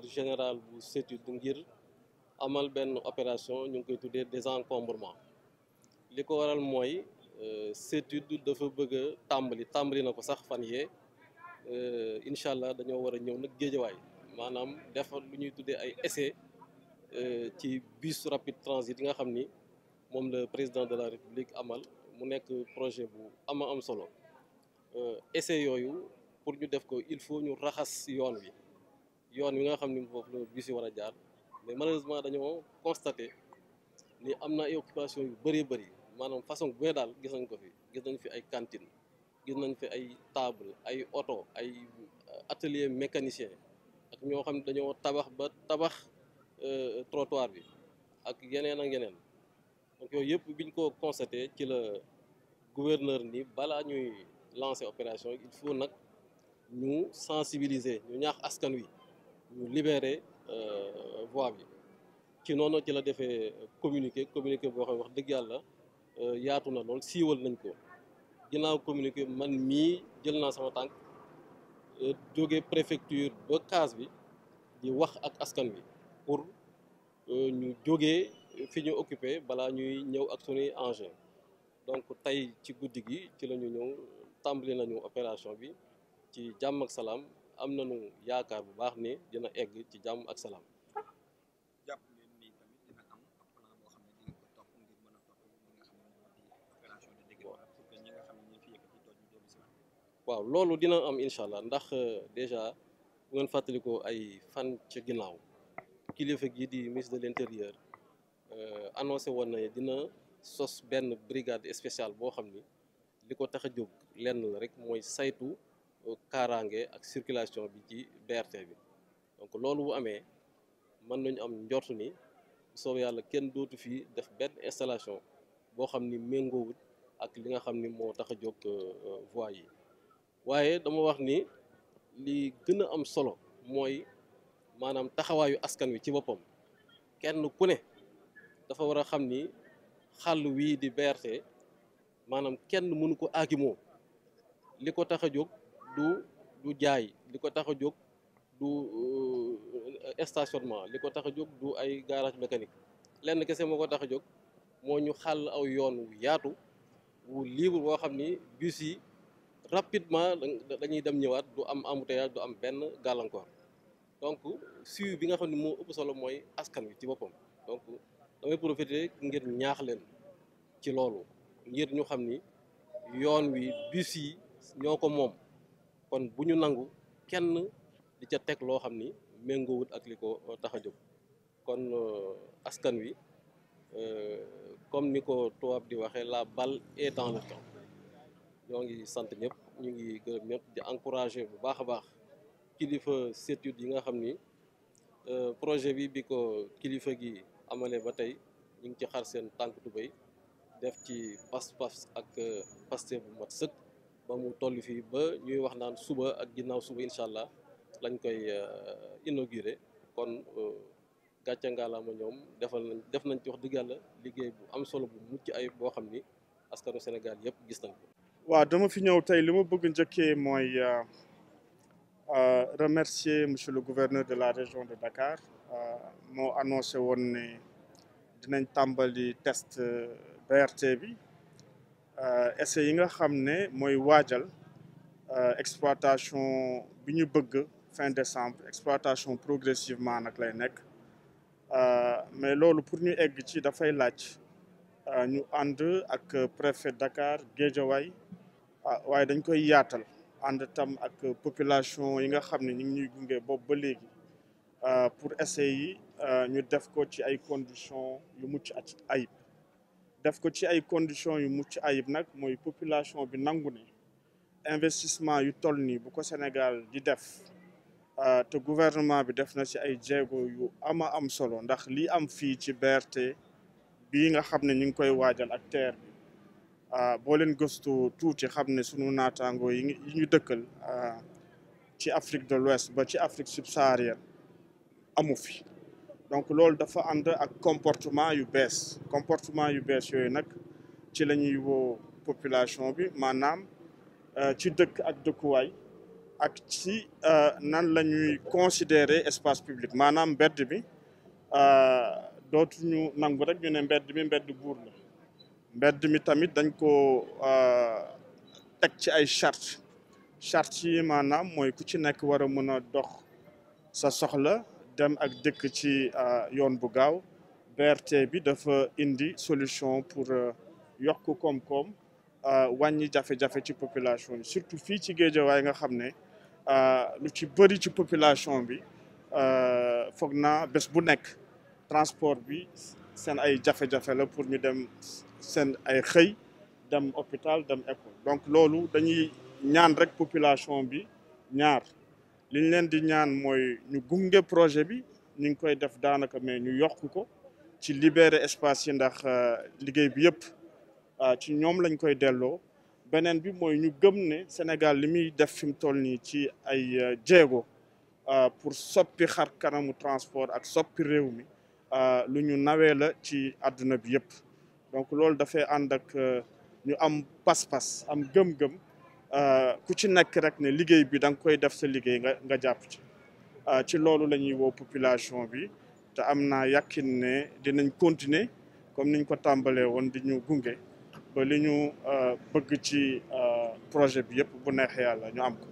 directeur général bu CETUD ngir amal benn opération ñu ngi koy tuddee des désencombrement li ko waral mooy CETUD euh, dafa bëgg tàmbali tàmbali na ko sax fan yee euh, incha allah dañoo war a ñëw nag géejawaay maanaam defar lu ñuy tuddee ay essai euh, ci bus rapide transit yi nga xam ni moom la président de la république amal mu nekk projet bu ama am solo essai yooyu pour ñu def ko il faut ñu raxas yoon wi yoon wi nga xam ni foofu la bis si war a jaar mais malheureusement dañoo constaté ni am na ay occupation yu bëree bëri maanaam façon bu ne daal gis nañ ko fi gis nañ fi ay cantine gis nañ fi ay table ay oto ay euh, atelier mécanicien ak ñoo xam ne dañoo tabax ba tabax euh, trottoir bi ak yeneen ak yeneen donc yooyu yëpp biñ ko constaté ci la gouverneur ni balaa ñuy lancer opération il faut nag ñu sensibiliser ñu ñaax askan wi ñu libéré euh, voie bi ci noonu ci la defee communiqué communiqué boo xam wax dëgg yàlla euh, yaatu na lool siiwal nañ ko ginnaaw communiqué man mii jël naa sama tànk euh, jóge préfecture ba case bi di wax ak askan bi pour ñu jógee fi ñu occupé balaa ñuy ñëw ak sunuy engin donc tey ci guddi gi ci la ñu ñëw tàmbali nañu opération bi ci jàmm ak salaam am nañu yaakaar bu baax ni dina egg ci jàmm ak salaam. waaw loolu dina am incha allah ndax euh, dèjà bu ngeen fàttalikoo ay fan ca ginnaaw kilifa gi di ministre de l' intérieur euh, annoncé woon na dina sos benn brigade spéciale boo xam ni li ko tax a jóg lenn la rek mooy saytu. kaaraange ak circulation bi ci BRT bi donc loolu bu amee mën nañu am njort ni soob yàlla kenn dootu fii def benn installation boo xam ni méngoowut ak li nga xam ni moo tax a jóg euh, euh, voie yi waaye dama wax ni li gën a am solo mooy maanaam taxawaayu askan wi ci boppam kenn ku ne dafa war a xam ni xàll wii di BRT maanaam kenn mënu ko aakimoo li ko tax a jóg du du jaay li ko tax a jóg du euh, stationnement li ko tax a jóg du ay garage mécanique lenn kese moo ko tax a jóg moo ñu xàll aw yoon wu yaatu wu libre boo xam ni bus yi rapidement dañuy dem ñëwaat du am embouteillage du am benn gàllankoor donc suivi bi nga xam ne moo ëpp solo mooy askan wi ci boppam donc damay profiter ngir ñaax leen ci loolu ngir ñu xam ni yoon wi bus ñoo ko moom kon bu ñu nangu kenn di ca teg loo xam ni méngoowut ak li ko tax a jóg kon euh, askan wi euh, comme ni ko tubaab di waxee la balle et dans le camp ñoo ngi sant ñëpp ñu ngi gërëm ñëpp di encourager bu baax a baax kilifa sétude yi nga xam ni euh, projet bi bi ko kilifa gi amale ba tey ñu ngi ci xar seen tànk tubéy def ci pas-pas ak paste bu mat sëkk ba mu toll fii ba ñuy wax naan suba ak ginnaaw suba incha allah lañ koy euh, inauguré kon euh, gàcce ngaalaama ñoom defal nañ def nañ ci wax dëgg yàlla liggéey bu am solo bu mucc ayib boo xam ni askanu Sénégal yëpp gis nañ ko. waaw dama fi ñëw tey li ma bëgg njëkkee mooy euh, remercier monsieur le gouverneur de la région de Dakar moo annoncé woon ne dinañ tàmbali test BRT bi. Euh, essais yi nga xam ne mooy waajal euh, exploitation bi ñu bëgg fin décembre exploitation progressivement nag lay nekk euh, mais loolu pour ñu egg ci dafay laaj ñu ànd ak préfet Dakar Guédiawaye ah, waaye dañ koy yaatal ànd tam ak population yi nga xam ne ñu ngi ñuy gunge boobu ba léegi pour essais yi ñu def ko ci ay conditions yu mucc ayib def ko ci ay conditions yu mucc ayib nag mooy population bi nangu ne investissement yu toll nii bu ko Sénégal di def euh, te gouvernement bi def na ci ay jéego yu ama am solo ndax lii am fii ci berte bii nga xam ne ñu ngi koy waajal ak TER bi euh, boo leen gëstu tuuti xam ne sunu naataango yi yi ñu dëkkal euh, ci Afrique de l'Ouest ba ci Afrique subsaharienne amu fi donc loolu dafa ànd ak comportement yu bees comportement yu bees yooyu nag ci la ñuy woo population bi maanaam euh, ci dëkk ak dëkkuwaay ak ci euh, nan la ñuy considérer espace public maanaam mbedd bi euh, dootuñu nangu rek ñu ne mbedd mi mbedd buur la mbedd mi tamit dañ ko teg ci ay charte charte yi maanaam mooy ku ci nekk war a mën a dox sa soxla dem ak dëkk ci euh, yoon bu gaaw BRT bi dafa indi solution pour euh, yokk koom-koom euh, wàññi jafe-jafe ci population bi surtout fii ci Géejawaay nga xam ne lu ci bëri ci population bi foog naa bés bu nekk transport bi seen ay jafe-jafe la pour ñu dem seen ay xëy dem hôpital dem école donc loolu dañuy ñaan rek population bi ñaar liñ leen di ñaan mooy ñu gunge projet bi ñu ngi koy def daanaka mais ñu yokk ko ci libérer espace yi ndax euh, liggéey bi yëpp euh, ci ñoom lañ koy delloo beneen bi mooy ñu gëm ne Sénégal li muy def fi mu toll nii ci ay euh, jéego pour soppi xar kanamu transport ak soppi réew mi lu ñu nawee la ci àdduna bi yëpp donc loolu dafay ànd ak ñu am pas-pas am gëm-gëm Euh, ku ci nekk rek ne liggéey bi da nga koy def sa liggéey nga nga jàpp ci euh, ci loolu la ñuy woo population bi te am naa yàqin ne dinañ continuer comme niñ ko tàmbalee woon di ñu gunge ba li ñu euh, bëgg ci projet bi yëpp bu neexee yàlla ñu am ko